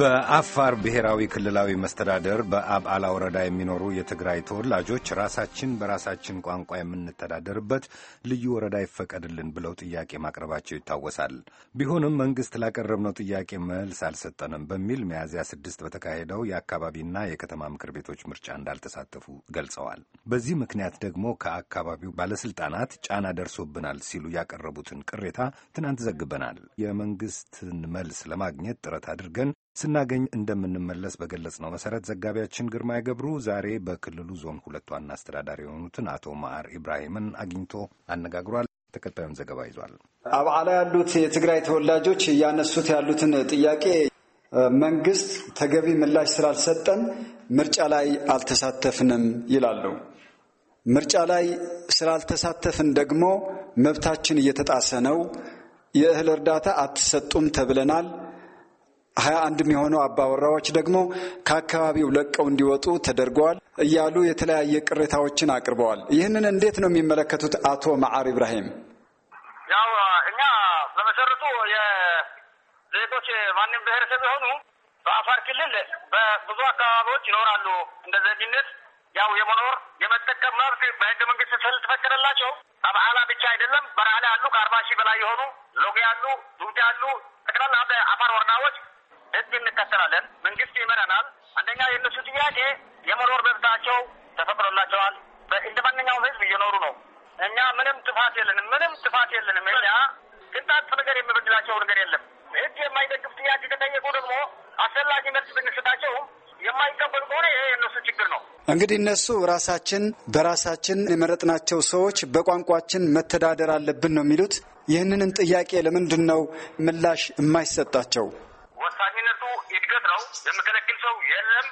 በአፋር ብሔራዊ ክልላዊ መስተዳደር በአብዓላ ወረዳ የሚኖሩ የትግራይ ተወላጆች ራሳችን በራሳችን ቋንቋ የምንተዳደርበት ልዩ ወረዳ ይፈቀድልን ብለው ጥያቄ ማቅረባቸው ይታወሳል። ቢሆንም መንግስት ላቀረብነው ጥያቄ መልስ አልሰጠንም በሚል ሚያዝያ ስድስት በተካሄደው የአካባቢና የከተማ ምክር ቤቶች ምርጫ እንዳልተሳተፉ ገልጸዋል። በዚህ ምክንያት ደግሞ ከአካባቢው ባለስልጣናት ጫና ደርሶብናል ሲሉ ያቀረቡትን ቅሬታ ትናንት ዘግበናል። የመንግስትን መልስ ለማግኘት ጥረት አድርገን ስናገኝ እንደምንመለስ በገለጽ ነው መሰረት ዘጋቢያችን ግርማ ገብሩ ዛሬ በክልሉ ዞን ሁለት ዋና አስተዳዳሪ የሆኑትን አቶ መዓር ኢብራሂምን አግኝቶ አነጋግሯል። ተከታዩን ዘገባ ይዟል። አብዓላ ያሉት የትግራይ ተወላጆች እያነሱት ያሉትን ጥያቄ መንግስት ተገቢ ምላሽ ስላልሰጠን ምርጫ ላይ አልተሳተፍንም ይላሉ። ምርጫ ላይ ስላልተሳተፍን ደግሞ መብታችን እየተጣሰ ነው፣ የእህል እርዳታ አትሰጡም ተብለናል ሀያ አንድ የሚሆኑ አባወራዎች ደግሞ ከአካባቢው ለቀው እንዲወጡ ተደርገዋል እያሉ የተለያየ ቅሬታዎችን አቅርበዋል። ይህንን እንዴት ነው የሚመለከቱት አቶ መዓር ኢብራሂም? ያው እኛ በመሰረቱ የዜጎች ማንም ብሔረሰብ የሆኑ በአፋር ክልል በብዙ አካባቢዎች ይኖራሉ። እንደ ዜግነት ያው የመኖር የመጠቀም መብት በህገ መንግስት ስለተፈቀደላቸው አብዓላ ብቻ አይደለም፣ በራዕላ ያሉ ከአርባ ሺህ በላይ የሆኑ ሎጌ ያሉ ዱምጤ ያሉ ጠቅላላ በአፋር ወረዳዎች ህዝብ እንከተላለን፣ መንግስት ይመራናል። አንደኛ የእነሱ ጥያቄ የመኖር መብታቸው ተፈቅዶላቸዋል። እንደ ማንኛውም ህዝብ እየኖሩ ነው። እኛ ምንም ጥፋት የለንም፣ ምንም ጥፋት የለንም። እኛ ቅንጣት ነገር የሚበድላቸው ነገር የለም። ህግ የማይደግፍ ጥያቄ ከጠየቁ ደግሞ አስፈላጊ መልስ ብንሰጣቸው የማይቀበሉ ከሆነ ይሄ የእነሱ ችግር ነው። እንግዲህ እነሱ ራሳችን በራሳችን የመረጥናቸው ሰዎች በቋንቋችን መተዳደር አለብን ነው የሚሉት። ይህንንም ጥያቄ ለምንድን ነው ምላሽ የማይሰጣቸው? ወሳኝ መንግስት ነው የሚከለክል ሰው የለም።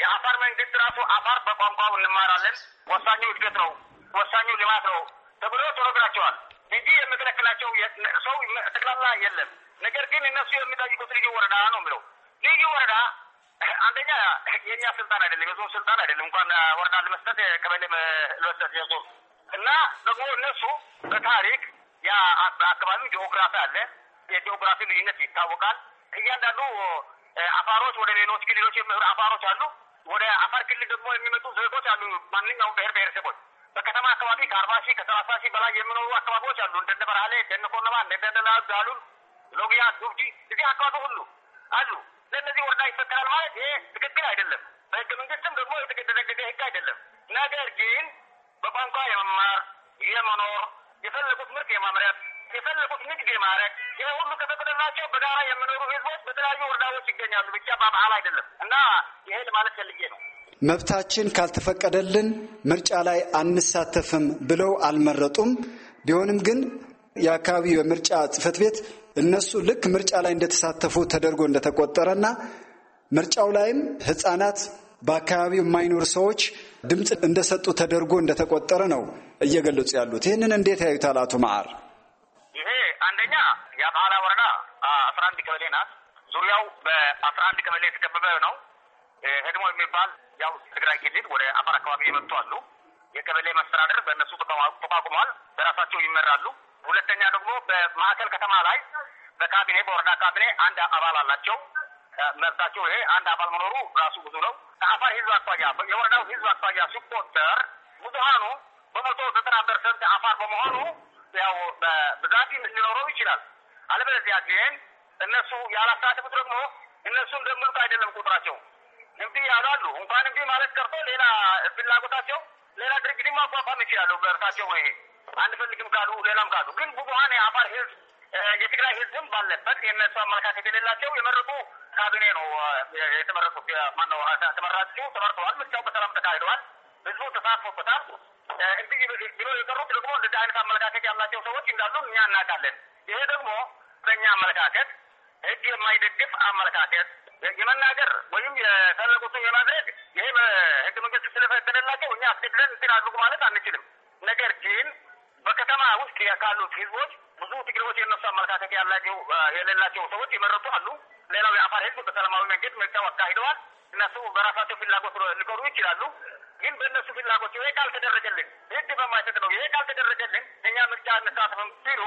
የአፋር መንግስት ራሱ አፋር በቋንቋው እንማራለን ወሳኙ እድገት ነው ወሳኙ ልማት ነው ተብሎ ተነግራቸዋል እንጂ የሚከለክላቸው ሰው ጠቅላላ የለም። ነገር ግን እነሱ የሚጠይቁት ልዩ ወረዳ ነው የሚለው ልዩ ወረዳ አንደኛ የኛ ስልጣን አይደለም፣ የዞን ስልጣን አይደለም። እንኳን ወረዳ ለመስጠት ቀበሌ ለመስጠት የዞን እና ደግሞ እነሱ በታሪክ ያ አካባቢው ጂኦግራፊ አለ። የጂኦግራፊ ልዩነት ይታወቃል። እያንዳንዱ አፋሮች ወደ ሌሎች ክልሎች አፋሮች አሉ። ወደ አፋር ክልል ደግሞ የሚመጡ ዜጎች አሉ። ማንኛውም ብሔር ብሔረሰቦች በከተማ አካባቢ ከአርባ ሺህ ከሰላሳ ሺህ በላይ የሚኖሩ አካባቢዎች አሉ። እንደነ በራሌ፣ እንደነ ኮነባ፣ እንደነ ዳሉን፣ ሎጊያ፣ ዱብጂ እዚህ አካባቢ ሁሉ አሉ። ለእነዚህ ወረዳ ይፈጠራል ማለት ይሄ ትክክል አይደለም። በህገ መንግስትም ደግሞ የተደነገገ ህግ አይደለም። ነገር ግን በቋንቋ የመማር የመኖር የፈለጉት ምርት የማምረት የፈለጉት ንግድ የማድረግ ይህ ሁሉ ከተጠቀምናቸው በጋራ የምኖሩ ህዝቦች በተለያዩ ወረዳዎች ይገኛሉ። ብቻ በበዓል አይደለም እና ይሄ ለማለት ፈልጌ ነው። መብታችን ካልተፈቀደልን ምርጫ ላይ አንሳተፍም ብለው አልመረጡም። ቢሆንም ግን የአካባቢው የምርጫ ጽህፈት ቤት እነሱ ልክ ምርጫ ላይ እንደተሳተፉ ተደርጎ እንደተቆጠረና ምርጫው ላይም ህጻናት በአካባቢው የማይኖር ሰዎች ድምፅ እንደሰጡ ተደርጎ እንደተቆጠረ ነው እየገለጹ ያሉት። ይህንን እንዴት ያዩታል አቶ መዓር? አንደኛ የአጣላ ወረዳ አስራ አንድ ቀበሌ ናት። ዙሪያው በአስራ አንድ ቀበሌ የተከበበ ነው። ህድሞ የሚባል ያው ትግራይ ክልል ወደ አፋር አካባቢ የመጡ አሉ። የቀበሌ መስተዳደር በእነሱ ተቋቁሟል። በራሳቸው ይመራሉ። ሁለተኛ ደግሞ በማዕከል ከተማ ላይ በካቢኔ በወረዳ ካቢኔ አንድ አባል አላቸው። መብታቸው ይሄ አንድ አባል መኖሩ ራሱ ብዙ ነው። ከአፋር ህዝብ አኳያ የወረዳው ህዝብ አኳያ ሲቆጠር ብዙሀኑ በመቶ ዘጠና ፐርሰንት አፋር በመሆኑ ያው በብዛት ሊኖረው ይችላል። አለበለዚያ ግን እነሱ ያላሳደጉት ደግሞ እነሱ እንደምሉት አይደለም ቁጥራቸው እምቢ ያላሉ እንኳን እምቢ ማለት ቀርቶ ሌላ ፍላጎታቸው ሌላ ድርጅት ማቋቋም ይችላሉ። በእርሳቸው ወይ አንፈልግም ካሉ ሌላም ካሉ ግን ብዙሀን የአፋር ህዝብ የትግራይ ህዝብም ባለበት የእነሱ አመለካከት የሌላቸው የመረጡ ካቢኔ ነው የተመረጡት። ማነው ተመራጩ ተመርተዋል። ምርጫው በሰላም ተካሂደዋል። ህዝቡ ተሳትፎበታል። እንዲህ ብሎ የቀሩት ደግሞ እንደዚህ አይነት አመለካከት ያላቸው ሰዎች እንዳሉ እኛ እናውቃለን። ይሄ ደግሞ በእኛ አመለካከት ህግ የማይደግፍ አመለካከት የመናገር ወይም የፈለጉትን የማድረግ ይሄ በህገ መንግስት ስለፈቀደላቸው እኛ አስገድደን እንትን አድርጉ ማለት አንችልም። ነገር ግን በከተማ ውስጥ ካሉት ህዝቦች ብዙ ትግሬዎች የነሱ አመለካከት ያላቸው የሌላቸው ሰዎች የመረጡ አሉ። ሌላው የአፋር ህዝብ በሰላማዊ መንገድ ምርጫው አካሂደዋል። እነሱ በራሳቸው ፍላጎት ሊቀሩ ይችላሉ። ግን በእነሱ ፍላጎት ይሄ ካልተደረገልን ህግ በማይሰጥ ነው። ይሄ ካልተደረገልን እኛ ምርጫ እንሳተፍም ሲሉ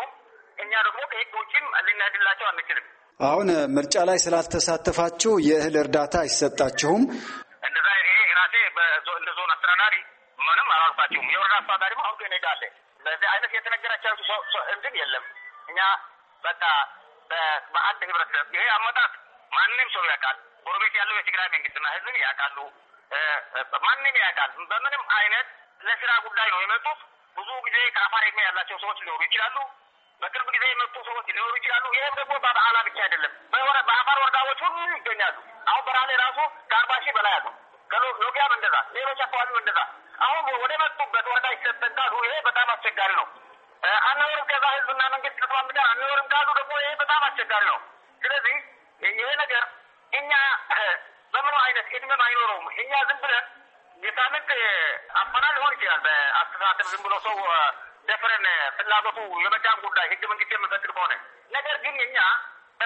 እኛ ደግሞ ከህግ ውጭም ልናድላቸው አንችልም። አሁን ምርጫ ላይ ስላልተሳተፋችሁ የእህል እርዳታ አይሰጣችሁም። እንደዛ ይሄ ራሴ እንደ ዞን አስተዳዳሪ ምንም አላልኳቸውም። የወረዳ አስተዳዳሪም አሁን ከእኔ በዚህ አይነት የተነገራቸው እንትን የለም። እኛ በቃ በአንድ ህብረተሰብ ይሄ አመጣት ማንም ሰው ያውቃል። ኦሮሜት ያለው የትግራይ መንግስትና ህዝብን ያውቃሉ። ማንም ያውቃል። በምንም አይነት ለስራ ጉዳይ ነው የመጡት። ብዙ ጊዜ ከአፋር ዕድሜ ያላቸው ሰዎች ሊኖሩ ይችላሉ። በቅርብ ጊዜ የመጡ ሰዎች ሊኖሩ ይችላሉ። ይህም ደግሞ በበዓላ ብቻ አይደለም፣ በአፋር ወረዳዎች ሁሉ ይገኛሉ። አሁን በራሌ ራሱ ከአርባ ሺህ በላይ አሉ። ከሎጊያ መንደዛ፣ ሌሎች አካባቢ መንደዛ አሁን ወደ መጡበት ወረዳ ይሰጠን ካሉ ይሄ በጣም አስቸጋሪ ነው። አናወርም ከዛ ህዝብና መንግስት ከተማም ጋር አናወርም ካሉ ደግሞ ይሄ በጣም አስቸጋሪ ነው። ስለዚህ ይሄ ነገር እኛ የምኖ አይነት እድሜም አይኖረውም። እኛ ዝም ብለን የሳምንት አፈና ሊሆን ይችላል። በአስተሳሰብ ዝም ብሎ ሰው ደፍረን ፍላጎቱ የመዳን ጉዳይ ህገ መንግስት የምፈቅድ ከሆነ ነገር ግን እኛ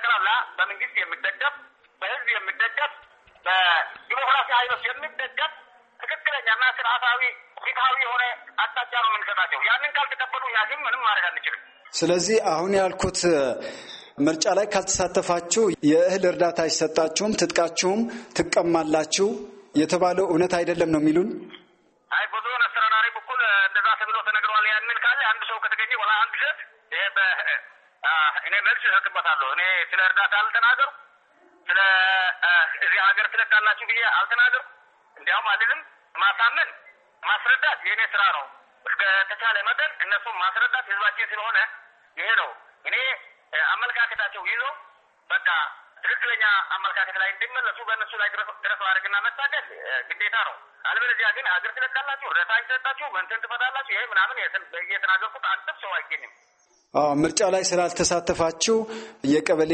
ጠቅላላ በመንግስት የሚደገፍ በህዝብ የሚደገፍ በዲሞክራሲ ኃይሎች የሚደገፍ ትክክለኛና ስርዓታዊ ፍትሃዊ የሆነ አቅጣጫ ነው የምንሰጣቸው። ያንን ካልተቀበሉ ያግን ምንም ማድረግ አንችልም። ስለዚህ አሁን ያልኩት ምርጫ ላይ ካልተሳተፋችሁ የእህል እርዳታ አይሰጣችሁም፣ ትጥቃችሁም ትቀማላችሁ የተባለው እውነት አይደለም ነው የሚሉን። አይ ብዙ አስተዳዳሪ በኩል እንደዛ ተብሎ ተነግሯል። ያንን ካለ አንድ ሰው ከተገኘ ወላ አንድ ሴት እኔ መልስ እሰጥበታለሁ። እኔ ስለ እርዳታ አልተናገሩ ስለ እዚህ ሀገር ትለቃላችሁ ብዬ አልተናገሩ። እንዲያውም አልልም። ማሳመን ማስረዳት የእኔ ስራ ነው። እስከተቻለ መጠን እነሱም ማስረዳት ህዝባችን ስለሆነ ይሄ ነው እኔ አመለካከታቸው ይዞ በቃ ትክክለኛ አመለካከት ላይ እንዲመለሱ በእነሱ ላይ ድረስ ማድረግና መታገል ግዴታ ነው። አለበለዚያ ግን ሀገር ትለቃላችሁ፣ ረሳኝ ትለቃችሁ፣ መንትን ትፈታላችሁ። ይሄ ምናምን እየተናገርኩት አንድም ሰው አይገኝም። ምርጫ ላይ ስላልተሳተፋችሁ የቀበሌ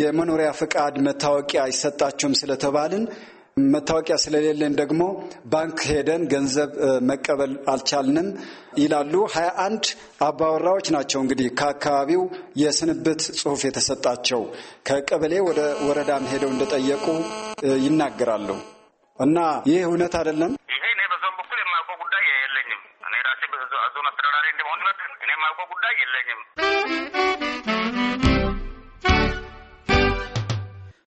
የመኖሪያ ፍቃድ መታወቂያ አይሰጣችሁም ስለተባልን መታወቂያ ስለሌለን ደግሞ ባንክ ሄደን ገንዘብ መቀበል አልቻልንም ይላሉ። ሀያ አንድ አባወራዎች ናቸው እንግዲህ ከአካባቢው የስንብት ጽሁፍ የተሰጣቸው ከቀበሌ ወደ ወረዳም ሄደው እንደጠየቁ ይናገራሉ። እና ይህ እውነት አይደለም። ይሄ እኔ በዞን በኩል የማውቀው ጉዳይ የለኝም። እኔ ራሴ ዞን አስተዳዳሪ እንደመሆን እኔ የማውቀው ጉዳይ የለኝም።